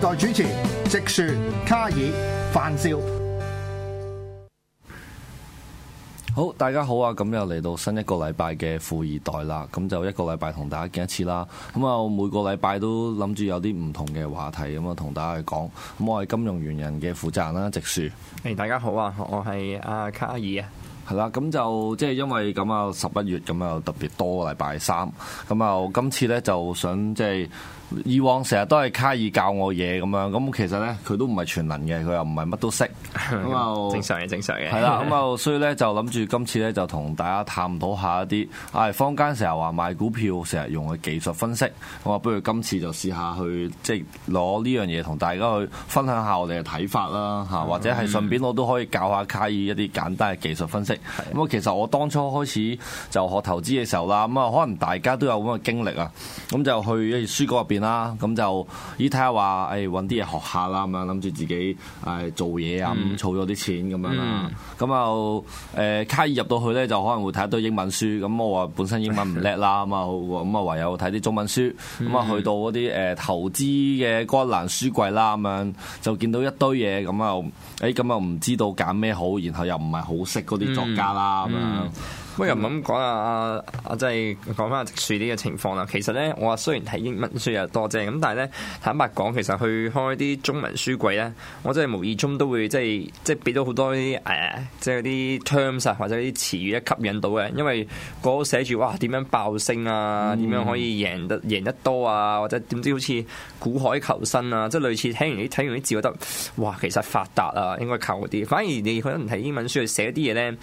代主持直樹、卡爾、范少，好，大家好啊！咁又嚟到新一個禮拜嘅富二代啦，咁就一個禮拜同大家見一次啦。咁啊，每個禮拜都諗住有啲唔同嘅話題咁啊，同大家去講。咁我係金融原人嘅負責人啦，直樹。誒，大家好啊，我係阿卡爾啊。係啦，咁就即係因為咁啊，十一月咁啊特別多個禮拜三，咁啊今次呢就想即係。以往成日都係卡爾教我嘢咁樣，咁其實咧佢都唔係全能嘅，佢又唔係乜都識。咁就、嗯、後正常嘅，正常嘅了。係啦，咁就所以咧就諗住今次咧就同大家探討一下一啲，唉坊間成日話買股票成日用嘅技術分析，咁啊不如今次就試下去即係攞呢樣嘢同大家去分享下我哋嘅睇法啦嚇，嗯、或者係順便我都可以教下卡爾一啲簡單嘅技術分析。咁啊、嗯嗯、其實我當初開始就學投資嘅時候啦，咁啊可能大家都有咁嘅經歷啊，咁就去書架入邊啦，咁就依睇下話，誒搵啲嘢學下啦，咁樣諗住自己誒做嘢啊，咁儲咗啲錢咁樣啦，咁又誒，卡爾入到去咧就可能會睇一堆英文書，咁我話本身英文唔叻啦，咁啊，咁啊唯有睇啲中文書，咁啊去到嗰啲誒投資嘅光欄書櫃啦，咁樣就見到一堆嘢，咁又誒，咁又唔知道揀咩好，然後又唔係好識嗰啲作家啦，咁樣、嗯。嗯嗯、不如唔咁講啊！啊，即、啊、係、啊、講翻直樹啲嘅情況啦。其實咧，我雖然睇英文書又多啫，咁但係咧，坦白講，其實去開啲中文書櫃咧，我真係無意中都會即係即係俾到好多啲誒，即係嗰啲 terms 啊，ter ms, 或者啲詞語咧吸引到嘅。因為嗰寫住哇點樣爆升啊，點樣可以贏得贏得多啊，或者點知好似古海求生啊，即係類似聽完啲睇完啲字覺得哇，其實發達啊，應該靠嗰啲。反而你可能睇英文書去寫啲嘢咧，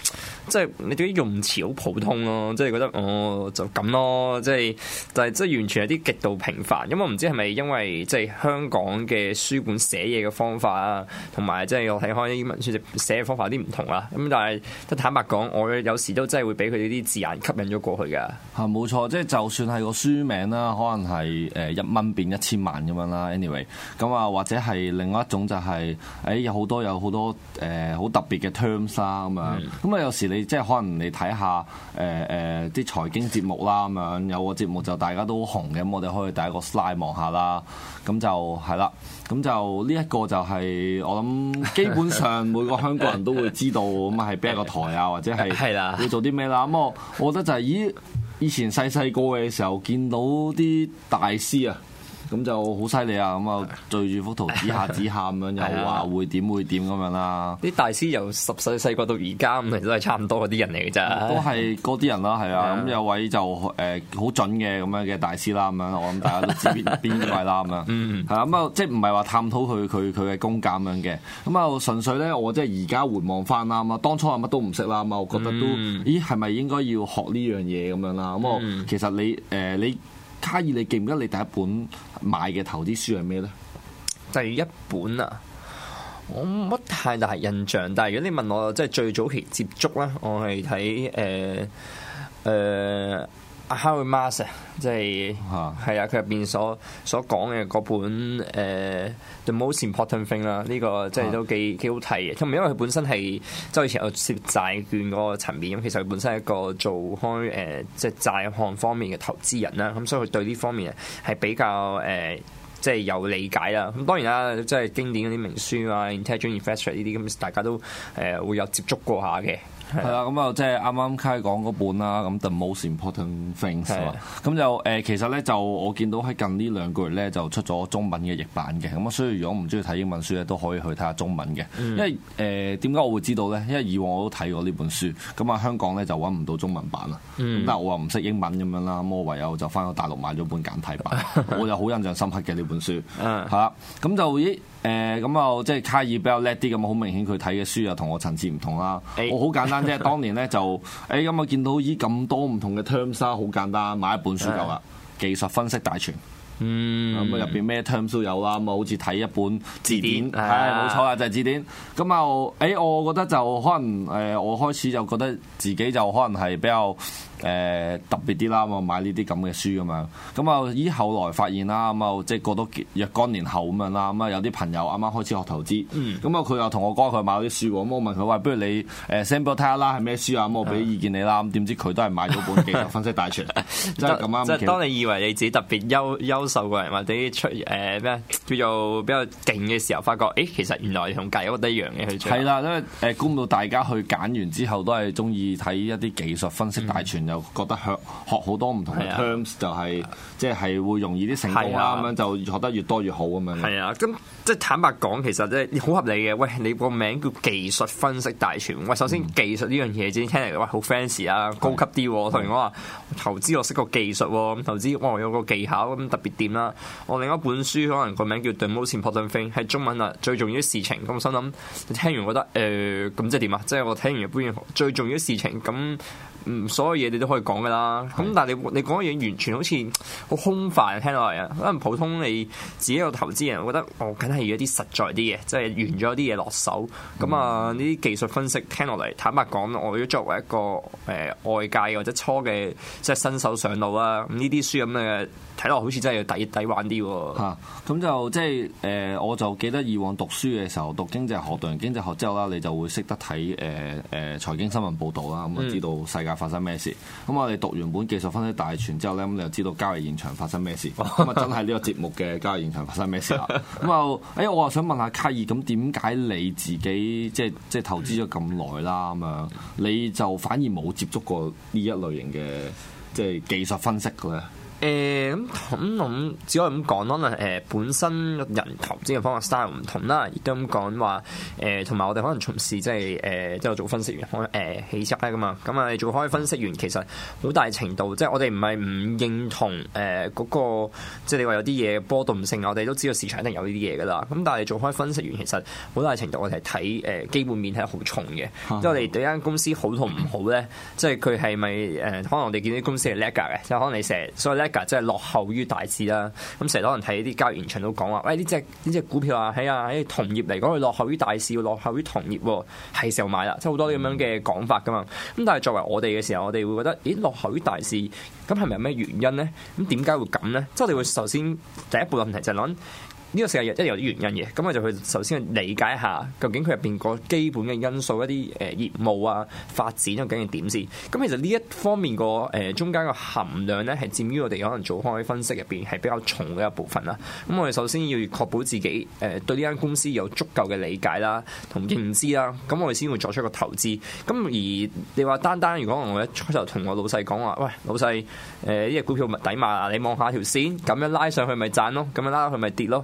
即係你對於用詞。好普通咯，即係覺得我就咁咯，即係但係即係完全係啲極度平凡。咁我唔知係咪因為即係香港嘅書本寫嘢嘅方法啊，同埋即係我睇開英文書寫嘅方法有啲唔同啦。咁但係都坦白講我有時都真係會俾佢哋啲字眼吸引咗過去㗎。嚇，冇錯，即係就算係個書名啦，可能係誒一蚊變一千萬咁樣啦。anyway，咁啊或者係另外一種就係、是、誒、哎、有好多有好多誒好、呃、特別嘅 terms 啊咁樣。咁啊有時你即係可能你睇下。.誒誒啲財經節目啦，咁樣有個節目就大家都好紅嘅，咁我哋可以第一個 slide 望下啦，咁就係啦，咁就呢一個就係、是、我諗基本上每個香港人都會知道，咁係邊一個台啊，或者係會做啲咩啦。咁我覺得就係、咦、以以前細細個嘅時候見到啲大師啊。咁就好犀利啊！咁啊，對住幅圖指下指下咁 樣，又話 會點會點咁樣啦。啲、啊、 大師由十細細個到而家，咁其實都係差唔多嗰啲人嚟嘅啫。都係嗰啲人啦，係啊。咁有位就誒好準嘅咁樣嘅大師啦，咁樣我諗大家都知邊邊位啦，咁樣。係啊。咁啊，即係唔係話探討佢佢佢嘅功架咁樣嘅。咁啊，純粹咧，我即係而家回望翻啦，咁啊，當初係乜都唔識啦，咁啊，我覺得都，咦，係咪應該要學呢樣嘢咁樣啦？咁我其實你誒，你、呃、卡爾，你記唔記得你第一本？買嘅投資書係咩呢？第一本啊，我冇乜太大印象。但係如果你問我即係最早期接觸啦，我係睇誒誒。呃呃阿 Howard Marks 即係係啊，佢入邊所所講嘅嗰本誒、呃《The Most Important Thing、這個》啦，呢個即係都幾幾好睇嘅。同埋因為佢本身係即係以前有涉債券嗰個層面，咁其實佢本身一個做開誒、呃、即係債項方面嘅投資人啦，咁、嗯、所以佢對呢方面係比較誒、呃、即係有理解啦。咁當然啦，即係經典嗰啲名書啊，《Intelligent Investor》呢啲咁，大家都誒、呃、會有接觸過下嘅。係啦，咁啊即係啱啱卡爾講嗰本啦，咁 the most important things 係咁就誒其實咧就我見到喺近呢兩個月咧就出咗中文嘅譯版嘅，咁啊所以如果唔中意睇英文書咧都可以去睇下中文嘅，因為誒點解我會知道咧？因為以往我都睇過呢本書，咁啊香港咧就揾唔到中文版啊，咁但係我又唔識英文咁樣啦，麼唯有就翻到大陸買咗本簡體版， 我就好印象深刻嘅呢本書，係啦咁就咦誒咁啊即係卡爾比較叻啲咁，好明顯佢睇嘅書又同我層次唔同啦，欸、 我好簡單。即係當年咧就，誒咁啊見到咦，咁多唔同嘅 terms 啦，好簡單，買一本書夠啦，的技術分析大全。嗯。咁啊入邊咩 terms 都有啦，咁、嗯、啊好似睇一本字典，係冇、啊哎、錯啦，就係、是、字典。咁、嗯、啊，誒、欸、我覺得就可能誒，我開始就覺得自己就可能係比較。誒特別啲啦，我啊買呢啲咁嘅書咁樣，咁啊依後來發現啦，咁啊即係過到若干年後咁樣啦，咁啊有啲朋友啱啱開始學投資，咁啊佢又同我講佢買咗啲書喎，咁我問佢話不如你誒 send 俾我睇下啦，係咩書啊？咁我俾意見你啦。咁點知佢都係買咗本技術分析大全。 真即係咁啱。即係當你以為你自己特別優優秀過人或者出誒咩、呃、叫做比較勁嘅時候，發覺誒其實原來同第一樣嘢係。係啦，因為誒估唔到大家去揀完之後都係中意睇一啲技術分析大全。嗯嗯又覺得學好多唔同嘅 terms，就係、是啊、即係會容易啲成功啦。咁樣、啊、就學得越多越好咁樣。係啊，咁即係坦白講，其實即係好合理嘅。喂，你個名叫技術分析大全。喂，首先、嗯、技術呢樣嘢先聽嚟，喂好 fancy 啊，ancy，高級啲。是同埋我話投資我識個技術，咁投資我有個技巧咁特別點啦。我另一本書可能個名叫《The Most Important Thing》，係中文啊，最重要嘅事情咁，我心諗聽完覺得誒，咁、呃、即係點啊？即係我聽完一般最重要嘅事情咁，所有嘢。你都可以講嘅啦，咁但係你你講嘅嘢完全好似好空泛，聽落嚟啊，可能普通你自己個投資人，我覺得哦，梗係要一啲實在啲嘢，即係完咗啲嘢落手。咁啊，呢啲技術分析聽落嚟，坦白講，我如果作為一個誒外界或者初嘅即係新手上路啊，咁呢啲書咁嘅睇落，好似真係要抵抵玩啲喎。咁、嗯、就即係誒，我就記得以往讀書嘅時候，讀經濟學，讀完經濟學之後啦，你就會識得睇誒誒財經新聞報導啦，咁、嗯、啊、嗯、知道世界發生咩事。咁我哋讀完本技術分析大全之後咧，咁、嗯、你又知道交易現場發生咩事？咁、嗯、啊，真係呢個節目嘅交易現場發生咩事啦？咁、嗯、啊，哎、欸、呀，我又想問下卡爾，咁點解你自己即係即係投資咗咁耐啦？咁、嗯、樣你就反而冇接觸過呢一類型嘅即係技術分析嘅咧？誒咁咁咁，只可以咁講啦，誒本身人投資嘅方法 style 唔同啦，亦都咁講話誒同埋我哋可能從事即係誒即係做分析員方誒氣質咧噶嘛。咁、呃、啊、嗯、做開分析員其實好大程度即係我哋唔係唔認同誒、呃那個即係你話有啲嘢波動性，我哋都知道市場一定有呢啲嘢噶啦。咁但係做開分析員其實好大程度我哋係睇誒基本面係好重嘅，嗯、即係我哋對間公司好同唔好咧，即係佢係咪誒可能我哋見啲公司係叻嘅，即可能你成日所以咧。即係落後於大市啦，咁成日可能睇啲交易現場都講話，喂呢隻呢隻股票啊，喺啊喺同業嚟講，佢落後於大市，要落後於同業，係時候買啦，即係好多啲咁樣嘅講法噶嘛。咁但係作為我哋嘅時候，我哋會覺得，咦落後於大市，咁係咪有咩原因咧？咁點解會咁咧？即係我哋會首先第一步嘅問題就係諗。呢個世界一定有啲原因嘅，咁我就去首先去理解下究竟佢入邊個基本嘅因素一啲誒業務啊發展究竟係點先。咁其實呢一方面個誒、呃、中間個含量咧係佔於我哋可能做開分析入邊係比較重嘅一部分啦。咁我哋首先要確保自己誒對呢間公司有足夠嘅理解啦同認知啦，咁我哋先會作出一個投資。咁而你話單單如果我一出就同我老細講話，喂老細誒呢隻股票咪抵嘛，你望下條線咁樣拉上去咪賺咯，咁樣拉落去咪跌咯。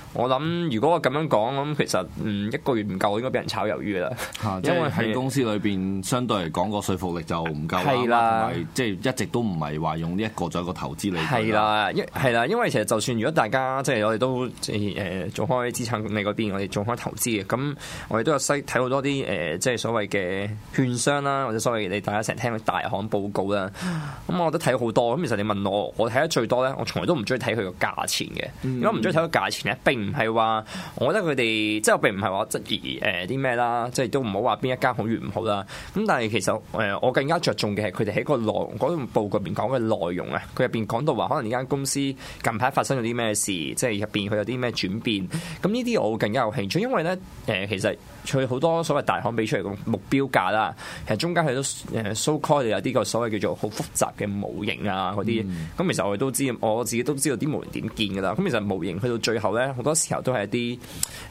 我諗如果我咁樣講，咁其實嗯一個月唔夠，應該俾人炒魷魚啦。吓、啊，因為喺是公司裏邊相對嚟講個說服力就唔夠啦，同埋的即係一直都唔係話用呢一個做一個投資嚟。係啦，係啦，因為其實就算如果大家即係我哋都誒、呃、做開資產管理嗰邊，我哋做開投資嘅，咁我哋都有西睇好多啲誒、呃、即係所謂嘅券商啦，或者所謂你大家成日聽嘅大行報告啦。咁我都睇好多。咁其實你問我，我睇得最多咧，我從來都唔中意睇佢個價錢嘅。如果唔中意睇個價錢咧，並唔係話，我覺得佢哋即係我並唔係話質疑誒啲咩啦，即係都唔好話邊一間好與唔好啦。咁但係其實誒我更加着重嘅係佢哋喺個內容嗰份、嗰個、報告入邊講嘅內容啊。佢入邊講到話可能呢間公司近排發生咗啲咩事，即係入邊佢有啲咩轉變，咁呢啲我更加有興趣，因為咧誒、呃、其實佢好多所謂大行俾出嚟個目標價啦，其實中間佢都誒 so call 有啲個所謂叫做好複雜嘅模型啊啲。咁、嗯、其實我哋都知，我自己都知道啲模型點建噶啦。咁其實模型去到最後咧，好多。好多時候都係一啲誒、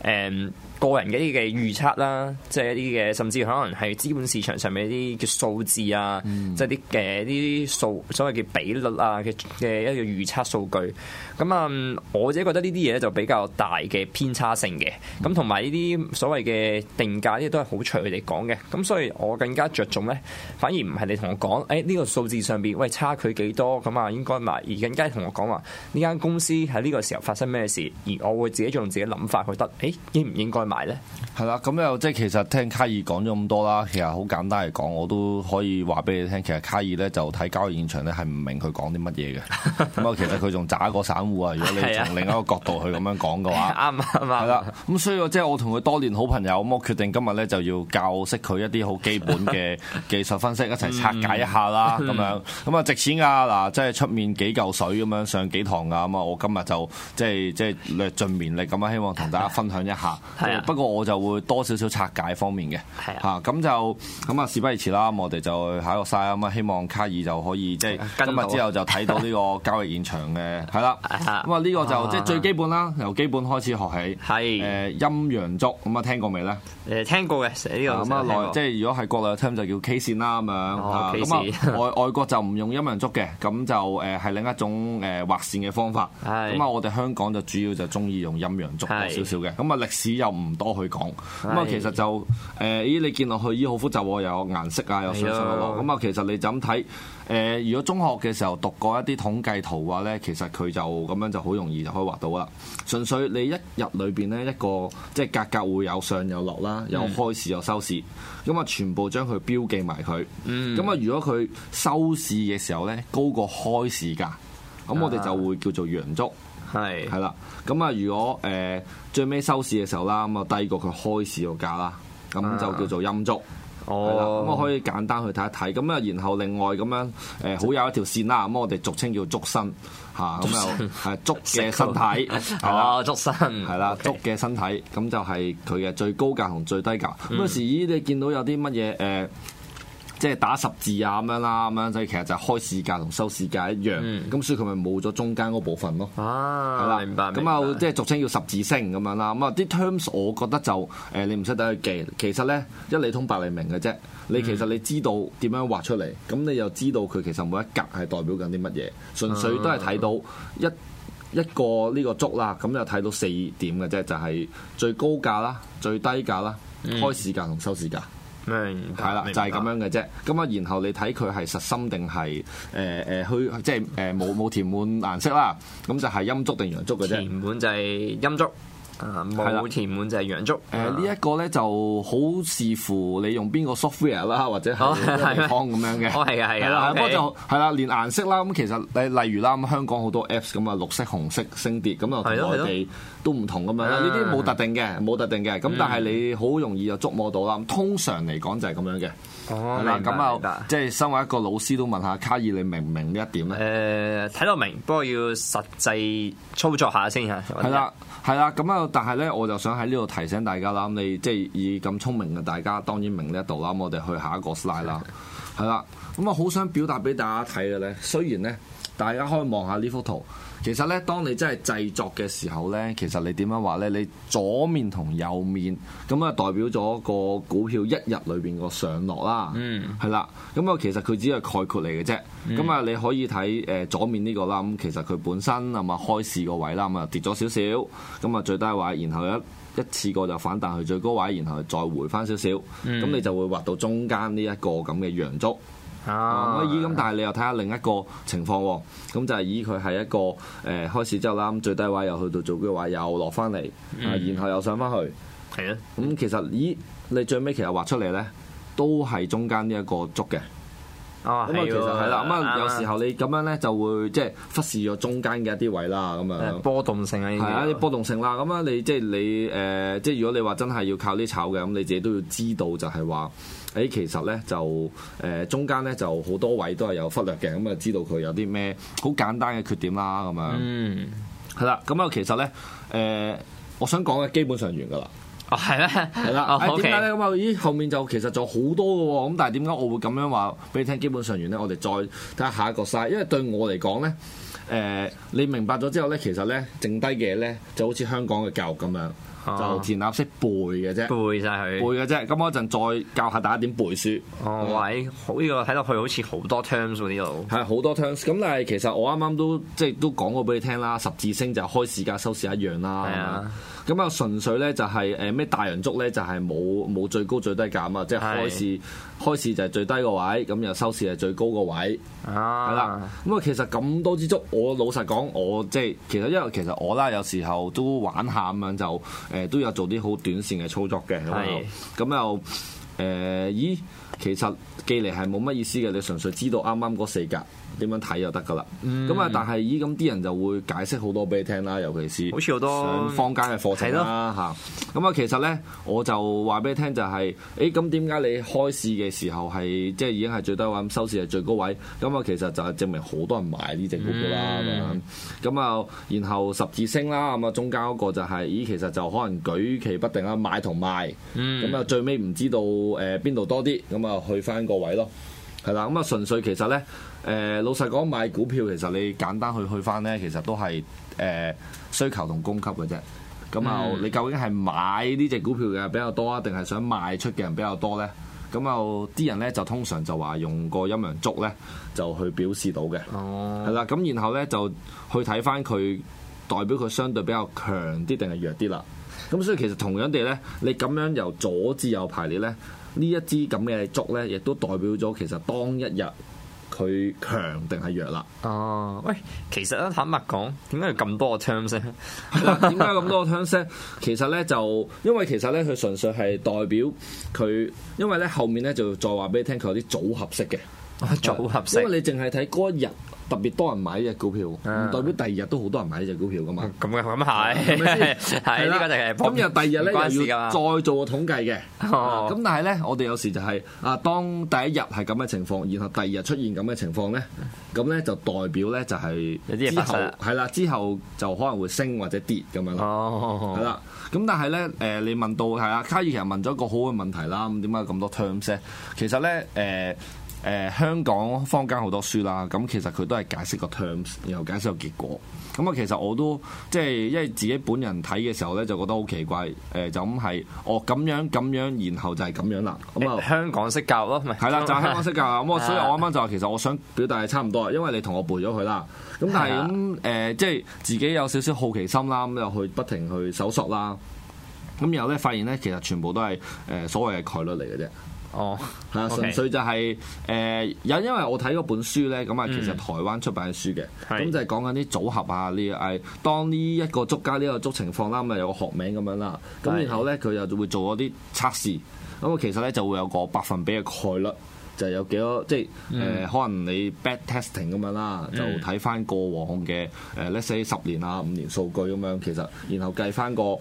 嗯、個人嘅一啲預測啦，即係一啲嘅甚至可能係資本市場上面一啲嘅數字啊，嗯、即係啲嘅啲數所謂嘅比率啊嘅嘅一個預測數據。咁啊，我自己覺得呢啲嘢咧就比較大嘅偏差性嘅。咁同埋呢啲所謂嘅定價呢都係好隨佢哋講嘅。咁所以我更加着重咧，反而唔係你同我講誒呢個數字上邊喂差距幾多咁啊應該買，而更加係同我講話呢間公司喺呢個時候發生咩事，而我會。自己用自己諗法去得，誒應唔應該買咧？係啦，咁又即係其實聽卡爾講咗咁多啦，其實好簡單嚟講，我都可以話俾你聽。其實卡爾咧就睇交易現場咧係唔明佢講啲乜嘢嘅。咁啊，其實佢仲渣過散戶啊！如果你從另一個角度去咁樣講嘅話，啱唔啱啊？係啦，咁所以即係我同佢多年好朋友，咁我決定今日咧就要教識佢一啲好基本嘅技術分析， 一齊拆解一下啦。咁 樣咁啊，值錢啊！嗱，即係出面幾嚿水咁樣上幾堂啊！咁啊，我今日就即係即係略盡。勉力咁啊！希望同大家分享一下。不過我就會多少少拆解方面嘅嚇。咁就咁啊！事不宜遲啦，我哋就喺度曬啊！咁啊，希望卡爾就可以即係今日之後就睇到呢個交易現場嘅係啦。咁啊，呢個就即係最基本啦，由基本開始學起。係誒陰陽燭咁啊，聽過未咧？誒聽過嘅，呢個即係如果係國內嘅聽就叫 K 線啦咁樣。哦，K 線。外外國就唔用陰陽燭嘅，咁就誒係另一種誒畫線嘅方法。咁啊，我哋香港就主要就中意，用陰陽燭少少嘅，咁啊是歷史又唔多去講，咁啊是其實就誒咦、呃、你見落去咦好複雜喎，又有顏色啊，有上有上落咁啊其實你就咁睇誒，如果中學嘅時候讀過一啲統計圖嘅話呢，其實佢就咁樣就好容易就可以畫到啦。純粹你一日裏邊呢一個即係價格,格會有上有落啦，有開市有收市，咁啊的、嗯、全部將佢標記埋佢，咁啊、嗯、如果佢收市嘅時候呢，高過開市價，咁我哋就會叫做陽燭。係，係啦，咁啊，如果誒、呃、最尾收市嘅時候啦，咁啊低過佢開市個價啦，咁就叫做陰燭。哦、啊，咁我可以簡單去睇一睇。咁啊，然後另外咁樣誒，呃、好有一條線啦，咁我哋俗稱叫燭身嚇，咁又係燭嘅身體。哦，燭身，係啦，燭嘅、okay. 身體，咁就係佢嘅最高價同最低價。咁有、嗯、時咦，你見到有啲乜嘢誒？呃即係打十字啊咁樣啦，咁樣所以其實就係開市價同收市價一樣，咁、嗯、所以佢咪冇咗中間嗰部分咯。啊，了明白。咁啊，即係俗稱叫十字星咁樣啦。咁啊，啲 terms 我覺得就誒、呃、你唔識得去記，其實咧一理通百嚟明嘅啫。你其實你知道點樣畫出嚟，咁、嗯、你又知道佢其實每一格係代表緊啲乜嘢。純粹都係睇到一、啊、一個呢個燭啦，咁又睇到四點嘅啫，就係、是、最高價啦、最低價啦、嗯、開市價同收市價。係啦，就係咁樣嘅啫。咁啊，然後你睇佢係實心定係誒誒，虛即係誒冇冇填滿顏色啦。咁就係陰燭定陽燭嘅啫。填滿就係陰燭。係啦，填滿就係洋竹。誒呢一個咧，就好視乎你用邊個 software 啦，或者係健咁樣嘅。哦，係啊，係啊。不過就係啦，連顏色啦，咁其實你例如啦，咁香港好多 apps 咁啊，綠色、紅色升跌，咁啊同內地都唔同咁樣。呢啲冇特定嘅，冇特定嘅。咁但係你好容易就捉摸到啦。咁通常嚟講就係咁樣嘅。哦，明白。咁啊，即係身為一個老師都問下卡爾，你明唔明呢一點咧？誒，睇到明，不過要實際操作下先嚇。係啦，係啦，咁啊。但係咧，我就想喺呢度提醒大家啦。咁你即係以咁聰明嘅大家，當然明呢一度啦。咁我哋去下一個 slide 啦。係啦的，咁我好想表達俾大家睇嘅咧。雖然咧。大家可以望下呢幅圖，其實咧，當你真係製作嘅時候咧，其實你點樣畫咧？你左面同右面咁啊，就代表咗個股票一日裏邊個上落啦。嗯，係啦。咁啊、嗯這個，其實佢只係概括嚟嘅啫。咁啊，你可以睇誒左面呢個啦。咁其實佢本身係咪開市個位啦？咁啊，跌咗少少，咁啊最低位，然後一一次過就反彈去最高位，然後再回翻少少。咁、嗯、你就會畫到中間呢一個咁嘅陽燭。啊，咁但係你又睇下另一個情況喎，咁就係咦佢係一個誒、呃、開始之後啦，咁最低位又去到做嘅話又落翻嚟啊，嗯、然後又上翻去，係啊的，咁、嗯、其實咦你最尾其實畫出嚟咧都係中間呢一個足嘅。哦，咁啊，其實係啦，咁啊，有時候你咁樣咧就會即係忽視咗中間嘅一啲位啦，咁樣。誒，波動性係。係啊，啲、這個、波動性啦，咁啊了，你即係你誒，即係如果你話真係要靠啲炒嘅，咁你自己都要知道就係話，誒、欸，其實咧就誒、呃、中間咧就好多位都係有忽略嘅，咁啊，知道佢有啲咩好簡單嘅缺點啦，咁樣。嗯。係啦，咁啊，其實咧，誒、呃，我想講嘅基本上完噶啦。哦，係咧、oh,，係、oh, 啦、okay. 哎，誒點解咧咁啊？咦，後面就其實仲好多嘅喎、哦，咁但係點解我會咁樣話俾你聽？基本上完咧，我哋再睇下下一個嘥，因為對我嚟講咧，誒、呃、你明白咗之後咧，其實咧剩低嘅嘢咧就好似香港嘅教育咁樣，oh, 就填鴨式背嘅啫，背晒佢，背嘅啫。咁我一陣再教下大家點背書。哦，oh, 喂，嗯、好呢個睇落去好似好多 terms 喎、啊，呢度係好多 terms。咁但係其實我啱啱都即係都講過俾你聽啦，十字星就開市價收市一樣啦。係啊嗎。Yeah. 咁啊，純粹咧就係誒咩大陽燭咧，就係冇冇最高最低價啊，是的 即係開市，開市就係最低個位，咁又收市係最高個位係啦。咁啊，其實咁多支燭，我老實講，我即係其實因為其實我啦，有時候都玩下咁樣，就誒、呃、都有做啲好短線嘅操作嘅。係咁是的 又誒？咦、呃，其實寄嚟係冇乜意思嘅，你純粹知道啱啱嗰四格。點、嗯、樣睇就得噶啦，咁啊，但係咦，咁啲人就會解釋好多俾你聽啦，尤其是好似好多坊間嘅課程啦嚇。咁啊、嗯，其實咧我就話俾你聽就係、是，誒咁點解你開市嘅時候係即係已經係最低位，收市係最高位，咁、嗯、啊、嗯、其實就係證明好多人買呢隻股票啦。咁啊、嗯，然後十字星啦，咁啊中間嗰個就係、是、咦，其實就可能舉棋不定、嗯、不啦，買同賣咁啊，最尾唔知道誒邊度多啲，咁啊去翻個位咯，係啦，咁啊純粹其實咧。誒老實講，買股票其實你簡單去去翻呢，其實都係誒、呃、需求同供給嘅啫。咁又、mm. 你究竟係買呢隻股票嘅比較多啊，定係想賣出嘅人比較多呢？咁又啲人呢，就通常就話用個陰陽燭呢，就去表示到嘅，係啦、oh。咁然後呢，就去睇翻佢代表佢相對比較強啲定係弱啲啦。咁所以其實同樣地呢，你咁樣由左至右排列呢，呢一支咁嘅燭呢，亦都代表咗其實當一日。佢強定係弱啦？哦，喂，其實咧，坦白講，點解要咁多個 term 先？點解咁多個 term 先？其實咧，就因為其實咧，佢純粹係代表佢，因為咧後面咧就再話俾你聽，佢有啲組合式嘅、哦、的組合式，因為你淨係睇嗰日。特別多人買呢隻股票，唔、啊、代表第二日都好多人買呢隻股票噶嘛。咁嘅咁係，係呢個就係咁又第二日咧，有時要再做個統計嘅。咁、啊、但係咧，我哋有時就係、是、啊，當第一日係咁嘅情況，然後第二日出現咁嘅情況咧，咁咧就代表咧就係之後係啦，之後就可能會升或者跌咁樣咯。係啦、啊，咁、啊啊啊、但係咧誒，你問到係啊，卡爾其實問咗個好嘅問題啦。咁點解咁多 terms 咧？其實咧誒。呃呃誒、呃、香港坊間好多書啦，咁其實佢都係解釋個 terms，然後解釋個結果。咁啊，其實我都即係因為自己本人睇嘅時候咧，就覺得好奇怪。誒、呃，就咁係，哦咁樣咁樣，然後就係咁樣啦。咁啊、呃，香港式教咯，係啦，就係香港式教。咁我所以我啱啱就話其實我想表達係差唔多，因為你同我背咗佢啦。咁但係咁誒，即係自己有少少好奇心啦，咁又去不停去搜索啦。咁然後咧，發現咧，其實全部都係誒所謂嘅概率嚟嘅啫。哦，係啊，純粹就係、是、誒，因、呃、因為我睇嗰本書咧，咁啊其實台灣出版嘅書嘅，咁、嗯、就係講緊啲組合啊，呢誒是，當呢一個燭加呢個燭情況啦，咁啊有個學名咁樣啦，咁然後咧佢又會做嗰啲測試，咁啊其實咧就會有個百分比嘅概率。就有幾多即係誒、呃？可能你 backtesting 咁樣啦，就睇翻過往嘅誒、呃，let say 十年啊、五年數據咁樣，其實然後計翻個誒，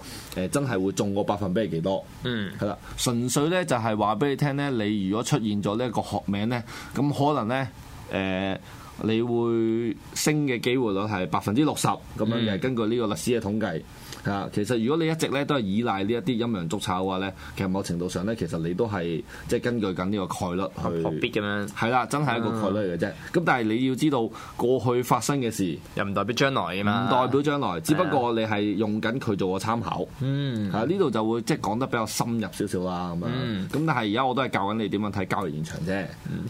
真係會中個百分比係幾多？嗯，係啦，純粹咧就係話俾你聽咧，你如果出現咗呢一個學名咧，咁可能咧誒、呃，你會升嘅機會率係百分之六十咁樣嘅，mm. 根據呢個歷史嘅統計。其實如果你一直咧都係依賴呢一啲陰陽燭炒嘅話咧，其實某程度上咧，其實你都係即係根據緊呢個概率去，係啦，真係一個概率嘅啫。咁但係你要知道過去發生嘅事，又唔代表將來嘅嘛，唔代表將來，只不過你係用緊佢做個參考。嗯，係呢度就會即係講得比較深入少少啦。咁樣，咁但係而家我都係教緊你點樣睇交易現場啫。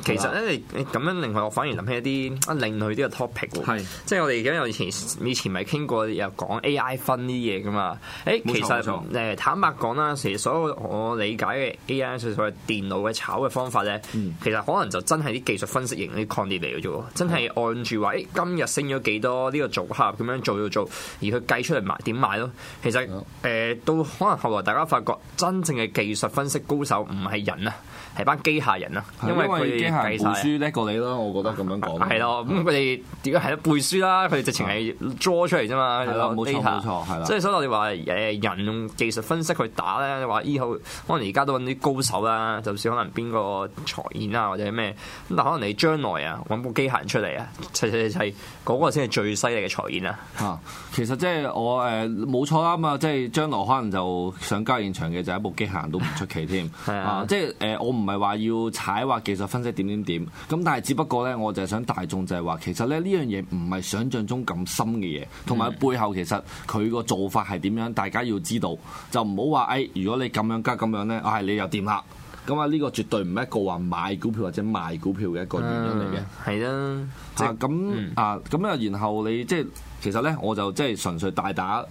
其實咧，你咁樣令我反而諗起一啲另類啲嘅 topic 即係我哋而家又以前以前咪傾過又講 AI 分啲嘢。嘛？誒，其實誒，坦白講啦，其實所有我理解嘅 A. I. 所所謂電腦嘅炒嘅方法咧，其實可能就真係啲技術分析型啲概念嚟嘅啫，真係按住話誒，今日升咗幾多呢個組合咁樣做就做，而佢計出嚟買點買咯。其實誒，到可能後來大家發覺，真正嘅技術分析高手唔係人啊，係班機械人啊，因為佢哋背書叻過你咯，我覺得咁樣講係咯。咁佢哋點解係得背書啦？佢哋直情係 draw 出嚟啫嘛。冇錯冇錯，係啦 data,。我哋話誒人用技術分析去打咧，你話以後可能而家都揾啲高手啦，就算、是、可能邊個財演啊或者咩咁，但可能你將來啊揾部機械人出嚟、那個、啊，齊齊齊嗰個先係最犀利嘅財演啊嚇。其實即係我誒冇錯啦嘛，即係將來可能就想交易現場嘅就係一部機械人都唔出奇添 啊。即係誒、呃、我唔係話要踩話技術分析點點點，咁，但係只不過咧，我就係想大眾就係話其實咧呢樣嘢唔係想象中咁深嘅嘢，同埋背後其實佢個做法。 係點樣？大家要知道，就唔好話誒，如果你咁樣加咁樣呢，哎，你又掂啦。咁啊，呢個絕對唔係一個話買股票或者賣股票嘅一個原因嚟嘅。係啦，咁啊，咁啊，然後你即係其實呢，我就即係純粹大打。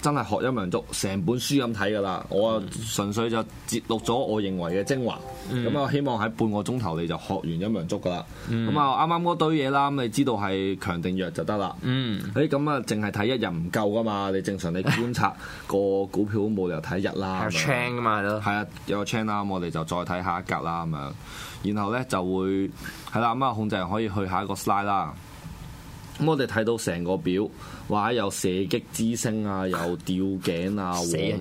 真係學陰陽燭，成本書咁睇噶啦，我純粹就截錄咗我認為嘅精華，咁啊、嗯、希望喺半個鐘頭你就學完陰陽燭噶啦。咁啊啱啱嗰堆嘢啦，咁你知道係強定弱就得啦。誒咁啊，淨係睇一日唔夠噶嘛，你正常你觀察個股票冇理由睇一日啦。唉 吧有 change 噶嘛，係咯。係啊，有 change 啦，我哋就再睇下一格啦咁樣，然後咧就會係啦，咁、嗯、啊控制人可以去下一個 slide 啦、嗯。咁我哋睇到成個表。話有射擊之星啊，有吊頸啊，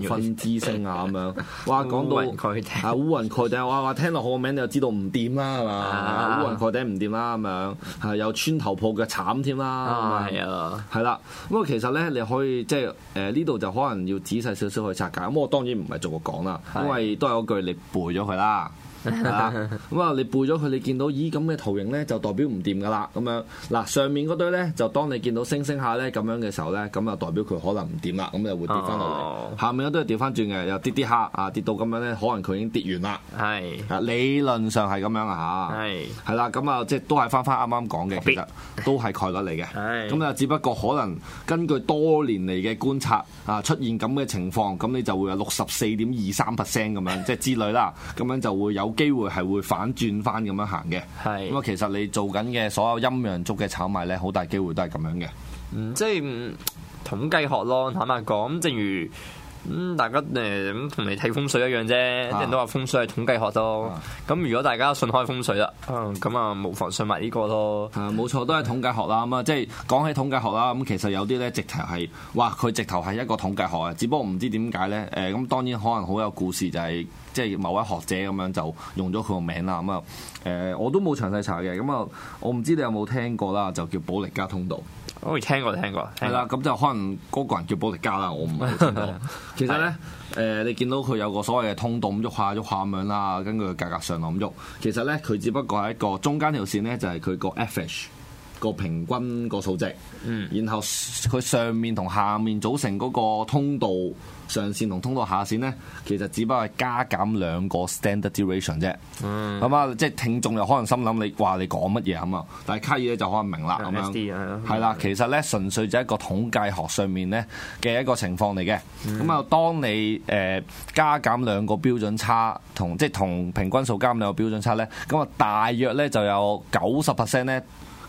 黃昏之星啊，咁樣話講到 啊烏雲蓋頂，話話聽落好個名，你就知道唔掂啦，係嘛？烏雲蓋頂唔掂啦，咁樣係有穿頭破腳慘添啦，係啊，係啦。咁啊，其實咧你可以即係誒呢度就可能要仔細少少去拆解。咁我當然唔係逐個講啦，因為都係嗰句你背咗佢啦。咁啊、 嗯，你背咗佢，你見到咦咁嘅圖形咧，就代表唔掂噶啦，咁樣嗱，上面嗰堆咧，就當你見到星星下咧咁樣嘅時候咧，咁啊代表佢可能唔掂啦，咁啊會跌翻落嚟。哦、下面嗰堆係調翻轉嘅，又跌跌下啊，跌到咁樣咧，可能佢已經跌完啦。係啊，理論上係咁樣是 啊嚇。係係啦，咁啊即係都係翻翻啱啱講嘅，是 其實都係概率嚟嘅。係咁啊，只不過可能根據多年嚟嘅觀察啊，出現咁嘅情況，咁你就會有六十四點二三 percent 咁樣，即係之類啦，咁樣就會有。機會係會反轉翻咁樣行嘅，咁啊是 其實你做緊嘅所有陰陽燭嘅炒賣咧，好大機會都係咁樣嘅、嗯，即係統計學咯，坦白講，正如。咁、嗯、大家誒咁同你睇風水一樣啫，啲、啊、人都話風水係統計學咯。咁、啊、如果大家信開風水啦，咁啊就無妨信埋呢個咯。冇、嗯、錯，都係統計學啦。咁啊、嗯，即係講起統計學啦，咁其實有啲咧直頭係，哇！佢直頭係一個統計學啊。只不過唔知點解咧？誒、呃，咁當然可能好有故事，就係即係某位學者咁樣就用咗佢個名啦。咁、呃、啊，誒我都冇詳細查嘅。咁、嗯、啊，我唔知你有冇聽過啦，就叫保力加通道。我、oh，聽過就聽過，係啦，咁就可能嗰個人叫保迪加啦，我唔係聽其實咧，誒、呃，你見到佢有個所謂嘅通道咁喐下喐下咁樣啦，根據價格上落咁喐，其實咧，佢只不過係一個中間條線咧，就係佢個 F H。個平均個數值，嗯，然後佢上面同下面組成嗰個通道上線同通道下線呢，其實只不過係加減兩個 standard duration 啫。嗯，咁啊，即係聽眾又可能心諗你話你講乜嘢咁啊，但係卡爾咧就可能明啦咁樣，係啦、嗯吧，其實呢，純粹就係一個統計學上面呢嘅一個情況嚟嘅。咁啊、嗯，當你誒、呃、加減兩個標準差同即係同平均數加減兩個標準差呢，咁啊大約呢就有九十 percent 呢。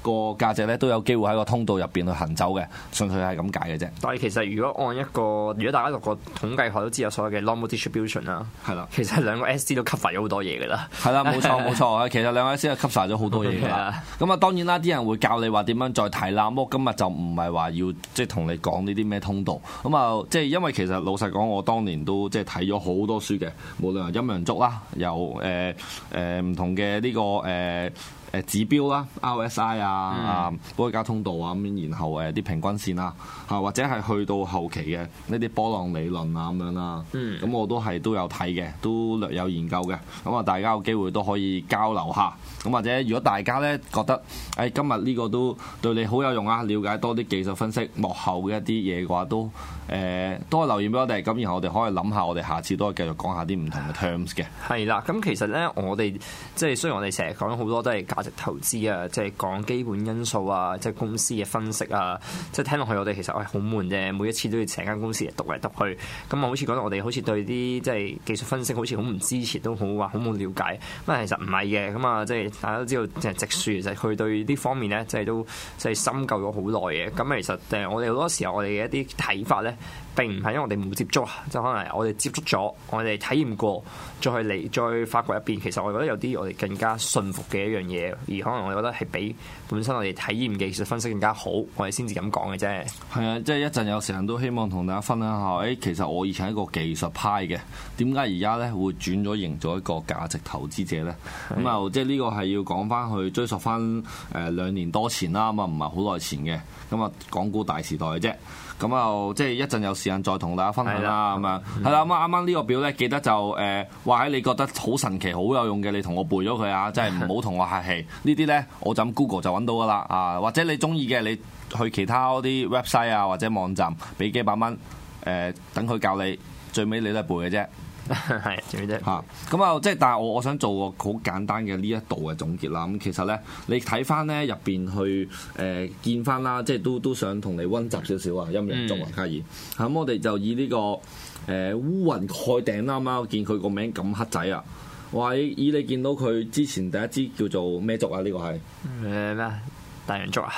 個價值咧都有機會喺個通道入邊去行走嘅，純粹係咁解嘅啫。但係其實如果按一個，如果大家讀個統計學都知有所謂嘅 normal distribution 啦，係啦，其實兩個 SC 都吸收咗好多嘢嘅啦。係啦，冇錯冇錯，錯 其實兩個 SC 係吸收咗好多嘢啦。咁啊，當然啦，啲人會教你話點樣再提啦，咁我今日就唔係話要即係同你講呢啲咩通道。咁啊，即係因為其實老實講，我當年都即係睇咗好多書嘅，無論陰陽燭啦，又誒誒唔同嘅呢、這個誒。呃誒指標啦、RSI 啊、嗯、保利加通道啊咁，然後誒啲平均線啦，嚇或者係去到後期嘅呢啲波浪理論啊咁樣啦。嗯，咁我都係都有睇嘅，都略有研究嘅。咁啊，大家有機會都可以交流下。咁或者如果大家咧覺得誒、哎、今日呢個都對你好有用啊，了解多啲技術分析幕後嘅一啲嘢嘅話，都誒多留言俾我哋。咁然後我哋可以諗下，我哋下次都係繼續講下啲唔同嘅 terms 嘅。係啦，咁其實咧，我哋即係雖然我哋成日講咗好多都係。或者投資啊，即係講基本因素啊，即係公司嘅分析啊，即係聽落去我哋其實我係好悶嘅，每一次都要成間公司嚟讀嚟讀去，咁啊，好似講到我哋好似對啲即係技術分析好似好唔支持，都好話好冇了解。不過其實唔係嘅，咁啊，即係大家都知道，即係直樹，其實佢對呢方面咧，即係都即係深究咗好耐嘅。咁其實誒，我哋好多時候我哋嘅一啲睇法咧。並唔係因為我哋冇接觸，就可能我哋接觸咗，我哋體驗過，再去嚟再發掘一邊，其實我覺得有啲我哋更加信服嘅一樣嘢，而可能我覺得係比本身我哋體驗嘅技術分析更加好，我哋先至咁講嘅啫。係啊，即係一陣有時間都希望同大家分享下，誒，其實我以前係一個技術派嘅，點解而家咧會轉咗型做一個價值投資者咧？咁啊的，即係呢個係要講翻去追溯翻誒兩年多前啦，咁啊唔係好耐前嘅，咁啊港股大時代嘅啫。咁啊，即係一陣有時。再同大家分享啦，咁的樣係啦。咁啊，啱啱呢個表咧，記得就誒、話、呃、喺你覺得好神奇、好有用嘅，你同我背咗佢啊，即係唔好同我客氣。 呢啲咧，我就 Google 就揾到噶啦啊，或者你中意嘅，你去其他啲 website 啊或者網站，俾幾百蚊誒、等、呃、佢教你，最尾你都係背嘅啫。係啫嚇咁啊！即係，但係我我想做個好簡單嘅呢一度嘅總結啦。咁其實咧，你睇翻咧入邊去誒、呃、見翻啦，即係都都想同你溫習少少、嗯、啊。陰陽燭雲卡爾咁、嗯嗯，我哋就以呢、這個誒、呃、烏雲蓋頂，啱啱我見佢個名咁黑仔啊，喂，咦，你見到佢之前第一支叫做咩燭啊？呢、這個係咩、呃、大陽燭啊？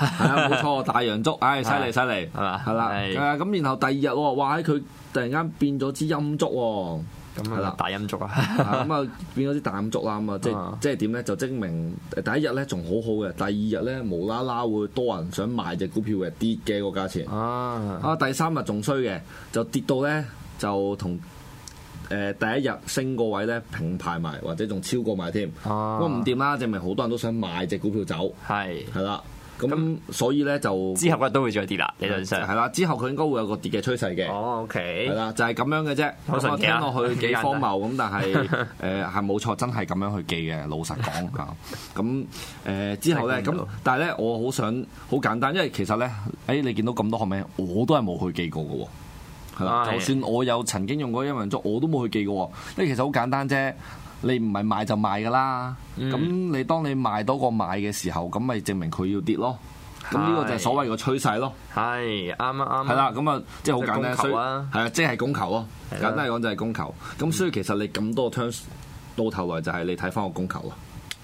冇 錯，大陽燭，唉、哎，犀利犀利，係嘛？ 係啦，咁，然後第二日哇，佢突然間變咗支陰燭喎。咁啦，嗯、係係大陰燭啊！咁 啊，變咗啲大陰燭啦！咁啊，即即係點咧？就證明第一日咧仲好好嘅，第二日咧無啦啦會多人想賣隻股票嘅跌嘅個價錢。啊！啊，啊！第三日仲衰嘅，就跌到咧就同誒第一日升個位咧平排埋，或者仲超過埋添。哦、啊！咁唔掂啦，證明好多人都想賣隻股票走。係係啦。咁所以咧就之後咧都會再跌啦，理論上，係啦。之後佢應該會有個跌嘅趨勢嘅。哦、oh，OK，係啦，就係、是、咁樣嘅啫。啊、我聽落去幾荒謬咁，但係誒係冇錯，真係咁樣去記嘅。老實講嚇，咁誒、 嗯、之後咧，咁到但係咧，我好想好簡單，因為其實咧，誒、哎、你見到咁多學名，我都係冇去記過嘅喎。啦，啊、就算我有曾經用過英文作，我都冇去記過。因為其實好簡單啫。你唔係賣就賣噶啦，咁、嗯、你當你賣多過買嘅時候，咁咪證明佢要跌咯。咁呢是個就係所謂個趨勢咯。係啱啊啱。係啦，咁啊了，即係好簡單。係啊，即係供求咯、啊。簡單嚟講就係、是、供求。咁對了 所以其實你咁多 turn 到頭來就係你睇翻個供求啊。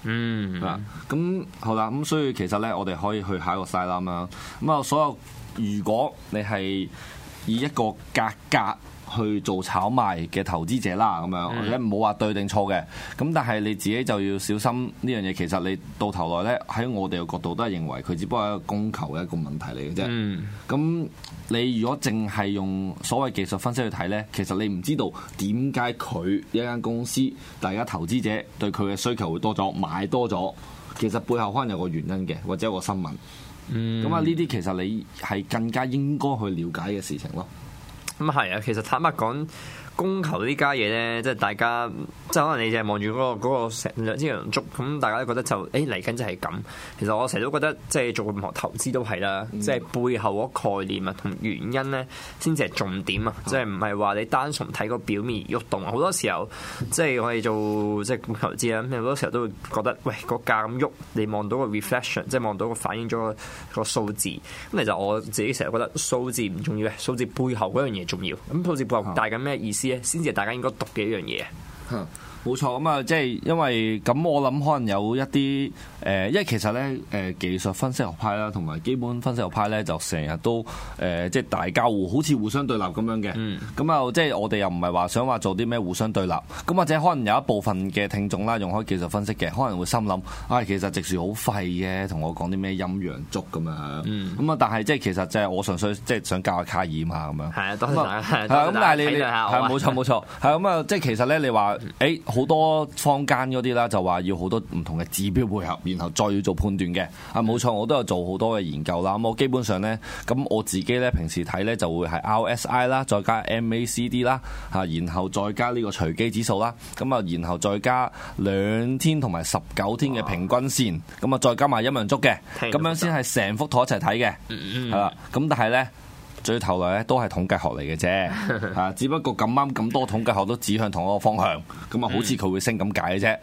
嗯，嗯。啊，咁好啦，咁所以其實咧，我哋可以去下一個 side l i n 咁啊，所有如果你係以一個價格，格。去做炒賣嘅投資者啦，咁、嗯、樣或者唔好話對定錯嘅，咁但係你自己就要小心呢樣嘢。其實你到頭來呢，喺我哋嘅角度都係認為佢只不過係一個供求嘅一個問題嚟嘅啫。咁、嗯、你如果淨係用所謂技術分析去睇呢，其實你唔知道點解佢一間公司，大家投資者對佢嘅需求會多咗，買多咗，其實背後可能有個原因嘅，或者有個新聞。咁啊、嗯，呢啲其實你係更加應該去了解嘅事情咯。咁係啊，其實坦白講。供求呢家嘢咧，即係大家，即係可能你淨係望住個、那個嗰、那個石兩支陽燭，咁大家都覺得就，誒嚟緊就係咁。其實我成日都覺得，即係做任何投資都係啦、嗯，即係背後嗰概念啊同原因咧，先至係重點啊，即係唔係話你單純睇個表面喐動。好多時候，即係我哋做即係投資啊，好多時候都會覺得，喂個價咁喐，你望到個 reflection，即係望到個反映咗個數字。咁其實我自己成日覺得數字唔重要，嘅，數字背後樣嘢重要。咁數字背後大緊咩意思？嗯先至係大家應該讀嘅一樣嘢。 冇錯，咁啊，即係因為咁，我諗可能有一啲誒，因為其實咧誒技術分析學派啦，同埋基本分析學派咧，就成日都誒，即係大家互好似互相對立咁樣嘅。咁啊，即係我哋又唔係話想話做啲咩互相對立，咁或者可能有一部分嘅聽眾啦，用開技術分析嘅，可能會心諗啊，其實直樹好廢嘅，同我講啲咩陰陽燭咁樣。咁啊，但係即係其實即係我純粹即係想教下卡爾嘛咁樣。係啊，咁但係你你係冇錯冇錯，係咁啊，即係其實咧，你話誒。好多坊間嗰啲啦，就話要好多唔同嘅指標配合，然後再要做判斷嘅啊，冇錯，我都有做好多嘅研究啦。咁我基本上呢，咁我自己呢，平時睇呢就會係 R S I 啦，再加 M A C D 啦，吓然後再加呢個隨機指數啦，咁啊然後再加兩天同埋十九天嘅平均線，咁啊再加埋陰陽燭嘅，咁樣先係成幅圖一齊睇嘅，係啦，咁但係呢。最頭來咧都係統計學嚟嘅啫，嚇！ 只不過咁啱咁多統計學都指向同一個方向，咁啊 好似佢會升咁解嘅啫。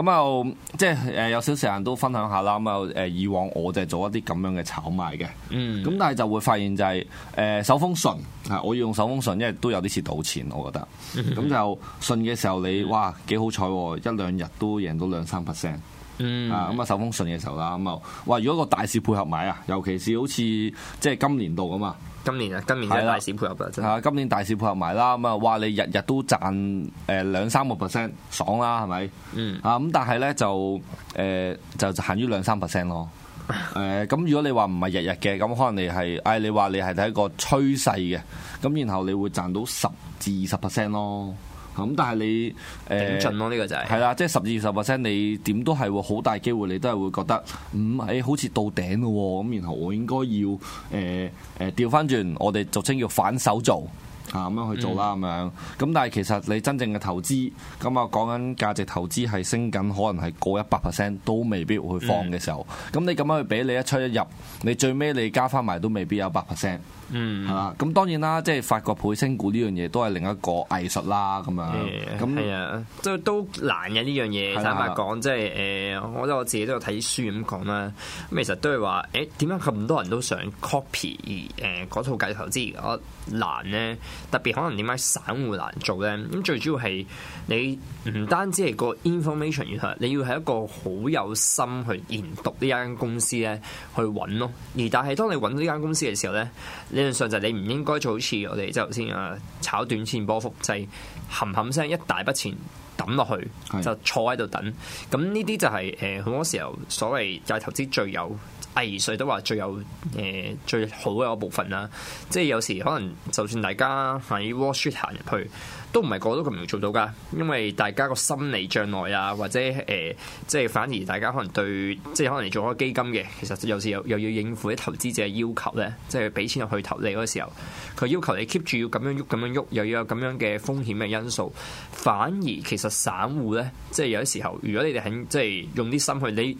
咁啊，即係誒有少時間都分享下啦。咁啊誒，以往我就係做一啲咁樣嘅炒賣嘅，嗯，咁但係就會發現就係誒手風順啊，我要用手風順，因為都有啲似賭錢，我覺得。咁 就信嘅時候你哇幾好彩，一兩日都贏到兩三 percent。嗯啊，咁、嗯、啊手風順嘅時候啦，咁、嗯、啊，哇！如果個大市配合埋啊，尤其是好似即係今年度咁啊，今年對的啊，今年大市配合、嗯天天嗯、啊，今年大市配合埋啦，咁啊，哇、呃！你日日都賺誒兩三個 percent，爽啦，係咪？嗯啊，咁但係咧就誒就限於兩三 percent 咯。誒，咁、呃、如果你話唔係日日嘅，咁可能你係，哎，你話你係睇個趨勢嘅，咁然後你會賺到十至二十 percent 咯。咁但係你、呃、頂盡咯、啊，呢、這個就係係啦，即係十至二十 percent，你點都係會好大機會，你都係會覺得，嗯，哎、欸，好似到頂咯、哦，咁然後我應該要誒誒調翻轉，我哋俗稱叫反手做啊，咁樣去做啦，咁樣。咁但係其實你真正嘅投資，咁啊講緊價值投資係升緊，可能係過一百 percent 都未必會放嘅時候，咁、嗯、你咁樣去俾你一出一入，你最尾你加翻埋都未必有一百 percent。嗯，係啦，咁當然啦，即係發掘倍升股呢樣嘢都係另一個藝術啦，咁樣，咁係啊，即係那都難嘅呢樣嘢。坦白的講，即係誒，我覺得我自己都有睇書咁講啦。咁其實都係話，誒點解咁多人都想 copy 而、呃、嗰套價值投資而難呢？特別可能點解散戶難做咧？咁最主要係你唔單止係個 information 你要係一個好有心去研讀呢間公司咧去揾咯。而但係當你揾到呢間公司嘅時候咧。理論上就係你唔應該做好似我哋就頭先啊，炒短線波幅，就係冚冚聲一大筆錢抌落去，就坐喺度等。咁呢啲就係誒好多時候所謂大投資最有藝術，都話最有誒最好嘅一部分啦。即係有時可能就算大家喺 Wall Street 行入去。都唔係個個都咁容易做到㗎，因為大家個心理障礙啊，或者誒、呃，即係反而大家可能對，即係可能你做開基金嘅，其實有時又又要應付啲投資者要求咧，即係俾錢入去投你嗰時候，佢要求你 keep 住要咁樣喐，咁樣喐，又要有咁樣嘅風險嘅因素。反而其實散戶咧，即係有啲時候，如果你哋肯即係用啲心去，你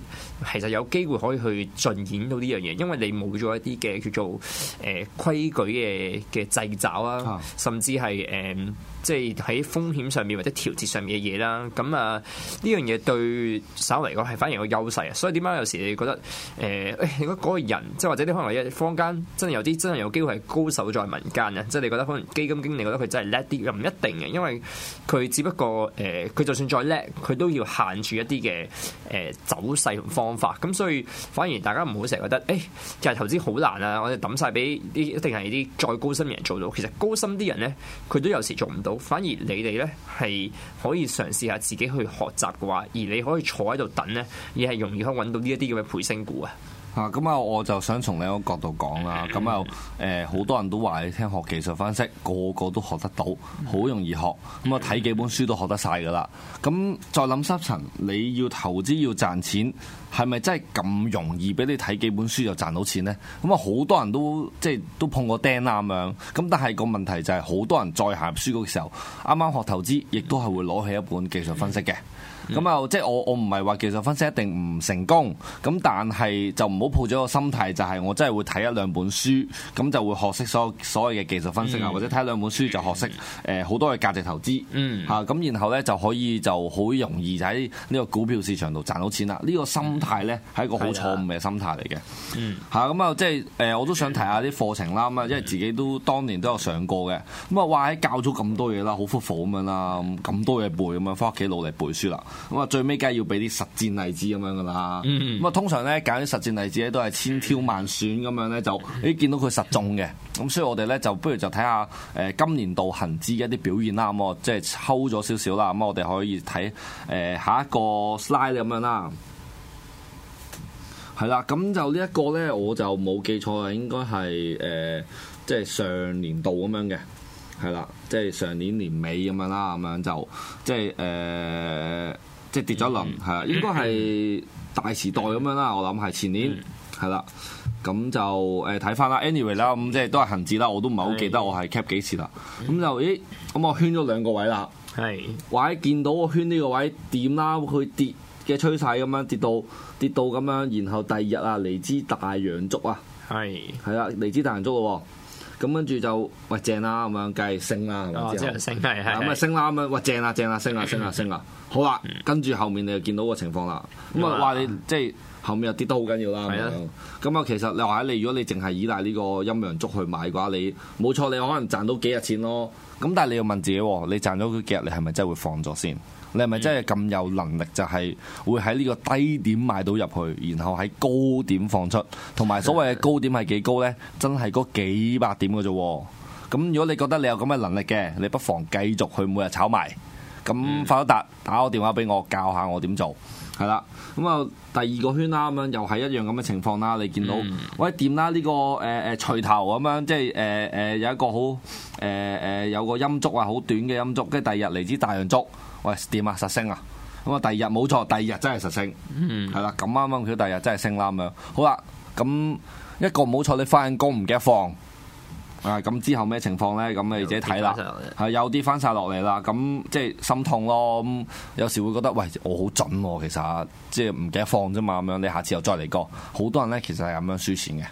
其實有機會可以去盡演到呢樣嘢，因為你冇咗一啲嘅叫做誒、呃、規矩嘅嘅掣肘啊，甚至係誒。呃即係喺風險上面或者調節上面嘅嘢啦，咁啊呢樣嘢對稍為嚟講係反而有優勢啊！所以點解有時你覺得誒，如果嗰個人即係或者你可能坊間真係有啲真係有機會係高手在民間啊。即係你覺得可能基金經理覺得佢真係叻啲，又唔一定嘅，因為佢只不過誒，佢、欸、就算再叻，佢都要限住一啲嘅誒走勢同方法。咁所以反而大家唔好成日覺得誒，其、欸、實投資好難啊！我哋抌晒俾啲，一定係啲再高深嘅人做到，其實高深啲人咧，佢都有時做唔到。反而你哋咧，係可以嘗試下自己去學習嘅話，而你可以坐喺度等咧，而係容易可以揾到呢一啲咁嘅倍升股啊。啊，咁啊，我就想從另一個角度講啦。咁又誒，好多人都話你聽學技術分析，個個都學得到，好容易學。咁啊，睇幾本書都學得晒㗎啦。咁再諗深層，你要投資要賺錢，係咪真係咁容易？俾你睇幾本書就賺到錢呢？咁啊，好多人都即係都碰過釘啦咁樣。咁但係個問題就係，好多人再行入書局嘅時候，啱啱學投資，亦都係會攞起一本技術分析嘅。咁啊，即係我我唔係話技術分析一定唔成功，咁但係就唔好抱咗個心態，就係我真係會睇一兩本書，咁就會學識所有所謂嘅技術分析啊，嗯、或者睇兩本書就學識誒好多嘅價值投資，嚇咁、嗯、然後咧就可以就好容易就喺呢個股票市場度賺到錢啦。呢、呢個心態咧係一個好錯誤嘅心態嚟嘅，嚇咁啊，即係誒我都想提下啲課程啦，咁啊，因為自己都當年都有上過嘅，咁啊話喺教咗咁多嘢啦，好複復咁樣啦，咁多嘢背咁樣，返屋企努力背書啦。咁啊，最尾梗係要俾啲實戰例子咁樣噶啦。咁啊，通常咧揀啲實戰例子咧都係千挑萬選咁樣咧，就咦見到佢實中嘅。咁所以我哋咧就不如就睇下誒、呃、今年度恆指嘅一啲表現啦。咁、嗯、啊，即係抽咗少少啦。咁、嗯、我哋可以睇誒、呃、下一個 slide 咁樣啦。係啦，咁就呢一個咧，我就冇記錯啊，應該係誒即係上年度咁樣嘅。係啦，即係上年年尾咁樣啦，咁樣就即係誒，即係、呃、跌咗一輪，係啊，應該係大時代咁樣啦，我諗係前年，係、嗯、啦，咁就誒睇、呃、翻啦，anyway 啦，咁即係都係恒指啦，我都唔係好記得我係 cap 幾次啦，咁、嗯、就咦，咁我圈咗兩個位啦，係、嗯，或者見到我圈呢個位點啦，佢跌嘅趨勢咁樣跌到跌到咁樣，然後第二日啊，離支大陽燭啊，係、嗯，係啊，離支大陽燭咯。咁跟住就喂正啦，咁樣梗係升啦，係咪先？哦、啊，升升係咁啊升啦咁樣，喂正啦正啦升啦升啦升啦，好啦，嗯、跟住後面你就見到個情況啦，咁啊話你即係後面又跌得好緊要啦咁樣。咁、嗯、是啊、嗯、其實你話喺你，如果你淨係依賴呢個陰陽燭去買嘅話，你冇錯，你可能賺到幾日錢咯。咁但係你要問自己，你賺咗佢幾日，你係咪真係會放咗先？你係咪真係咁有能力？就係、是、會喺呢個低點買到入去，然後喺高點放出。同埋所謂嘅高點係幾高呢？真係嗰幾百點㗎啫。咁如果你覺得你有咁嘅能力嘅，你不妨繼續去每日炒賣。咁發咗達打個電話俾我，教下我點做係啦。咁啊、嗯，第二個圈啦，咁樣又係一樣咁嘅情況啦。你見到、嗯、喂掂啦，呢、這個誒誒錘頭咁樣，即係誒誒有一個好誒誒有個陰燭啊，好短嘅陰燭。跟住第二日嚟支大陽燭。喂，點啊？實升啊！咁啊，第二日冇錯，第二日真係實升，係啦、mm，咁啱啱佢第二日真係升啦咁樣。好啦，咁一個冇錯，你翻工唔記得放啊！咁之後咩情況咧？咁你自己睇啦。係有啲翻晒落嚟啦，咁即係心痛咯。咁有時會覺得喂，我好準、啊、其實，即係唔記得放啫嘛。咁樣你下次又再嚟過，好多人咧其實係咁樣輸錢嘅。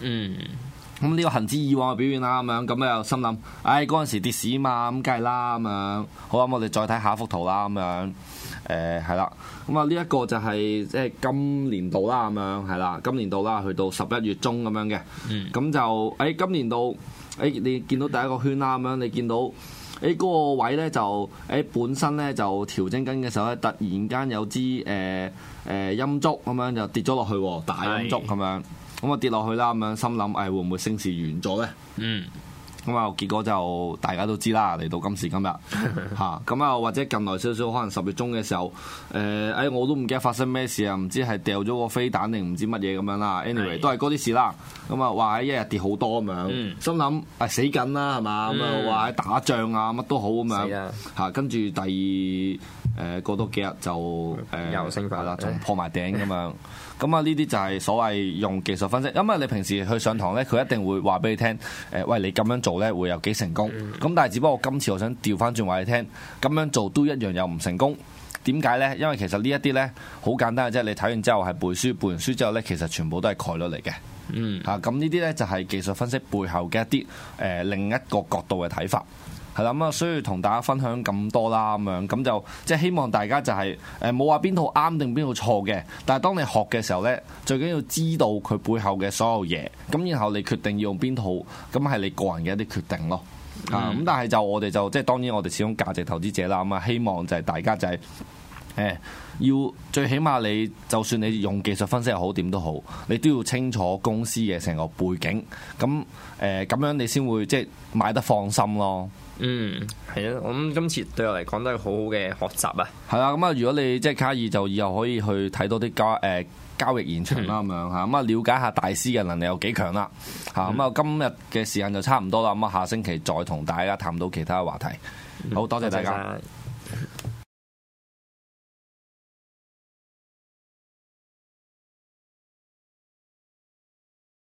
嗯、mm。Hmm. 咁呢個行之以往嘅表現、哎、啦，咁樣咁又心諗，唉嗰陣時跌市啊嘛，咁梗係啦，咁樣好啊，我哋再睇下一幅圖啦，咁樣誒係啦，咁啊呢一個就係即係今年度啦，咁樣係啦，今年度啦，去到十一月中咁樣嘅，咁就誒、哎、今年度誒、哎、你見到第一個圈啦，咁樣你見到誒嗰、哎那個位咧就誒、哎、本身咧就調整緊嘅時候咧，突然間有支誒誒陰燭咁樣就跌咗落去，大陰燭咁樣。咁啊跌落去啦，咁樣心諗，誒、哎、會唔會升市完咗咧？嗯，咁啊結果就大家都知啦，嚟到今時今日，吓咁 啊或者近來少少，可能十月中嘅時候，誒、呃、誒、哎、我都唔記得發生咩事，way, 事啊，唔知係掉咗個飛彈定唔知乜嘢咁樣啦。anyway 都係嗰啲事啦。咁啊話一日跌好多咁樣，心諗誒、哎、死緊啦係嘛，咁啊話喺打仗啊乜都好咁樣吓，跟住第二誒、呃、過多幾日就誒又升翻啦，仲、嗯、破埋頂咁樣。嗯嗯咁啊，呢啲就係所謂用技術分析。咁啊，你平時去上堂呢，佢一定會話俾你聽，誒，喂，你咁樣做呢，會有幾成功。咁但係，只不過今次我想調翻轉話你聽，咁樣做都一樣有唔成功。點解呢？因為其實呢一啲呢，好簡單嘅啫。即係你睇完之後係背書，背完書之後呢，其實全部都係概率嚟嘅。嗯、mm. 啊。嚇，咁呢啲呢，就係技術分析背後嘅一啲誒、呃、另一個角度嘅睇法。係啦，咁啊，需要同大家分享咁多啦，咁樣咁就即係希望大家就係誒冇話邊套啱定邊套錯嘅。但係當你學嘅時候呢，最緊要知道佢背後嘅所有嘢，咁然後你決定要用邊套，咁係你個人嘅一啲決定咯。咁、嗯、但係就我哋就即係當然我哋始終價值投資者啦。咁啊，希望就係大家就係、是、誒，要最起碼你就算你用技術分析又好，點都好，你都要清楚公司嘅成個背景。咁誒咁樣你先會即係買得放心咯。嗯，係啊，咁今次對我嚟講都係好好嘅學習啊。係啊。咁 啊， 如果你即係卡爾就以後可以去睇多啲交誒交易現場啦，咁樣吓咁啊，了解下大師嘅能力有幾強啦。吓咁啊，嗯嗯、今日嘅時間就差唔多啦，咁啊，下星期再同大家探討其他嘅話題。好多謝大家。